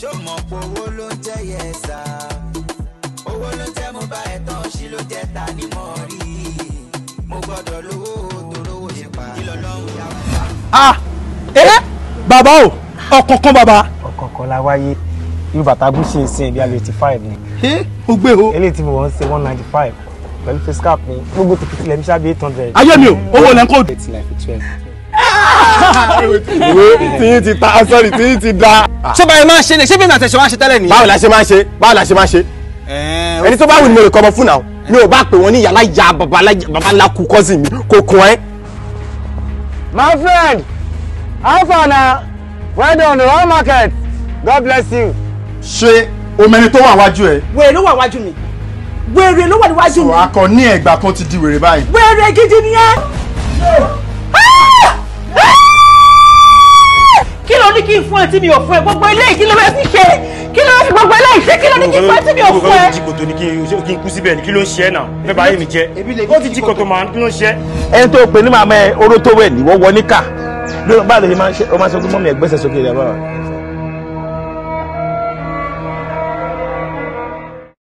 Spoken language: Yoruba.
ṣó mọ̀ pé owó ló ń jẹ́ yẹn sá owó ló ń jẹ́ mo bá ẹ̀ tán sí ló jẹ́ ta ni mo rí mo gbọ́dọ̀ lówó torówó ṣe pa kí lọ́lọ́run yà wá. ah ẹ eh? bàbá o ọ̀kọ̀ọ̀kan bàbá. ọ̀kọ̀ọ̀kan la wáyé irú bàtà gúúsì ń sìn bí i eighty five ni. ẹ eh? o gbé o. eléyìí tí mo wọ́n ń ṣe one ninety five pẹ̀lú face cap mi gbogbo tòkìtì lẹ́mí ṣáà bí eight hundred. ayé mi o owó lẹ́ńkọ́. eight nine twelve ìwé tíyín ti ta sọ́ọ̀rì tíyín ti da. ṣé báyìí máa ṣe ni ṣé bí àtẹ̀sẹ̀ wá ṣe tẹ́lẹ̀ nìyẹn. báwo la ṣe máa ṣe báwo la ṣe máa ṣe. ẹni tó bá wù ní mo lè kọ́ ọmọ fún náà mi ò bá pè wọ́n ní yàrá ìyá babaláku kọ́sì mi kò kún ẹ́. my friend how far na well on the whole market god bless you. ṣé omeni tó wà wájú ẹ. wèrè ló wà wájú mi wèrè ló wà níwájú mi. sọ akọ ní ẹgbàá kan ti di wèrè báyìí. wèrè gidi ni ẹ. kí n fún ẹ tí mi ò fún ẹ gbogbo eléyìí kí ló fẹ́ fi ṣe kí ló fẹ́ fi gbogbo eléyìí ṣe kí ló ní kí n fún ẹ tí mi ò fún ẹ. o ti jìkòtò ni kí n kú síbẹ̀ ni kí ló ń ṣe ẹ́ náà fẹ́ bá yé mi jẹ́ o ti jìkòtò màá kí ló ń ṣe ẹ́. ẹni tó pe ní màmá ẹ oró tó wẹ̀ ní wọ́wọ́ báyìí ló máa ń ṣe ọmọ sọgbọ́n sókè rẹ̀ báwa.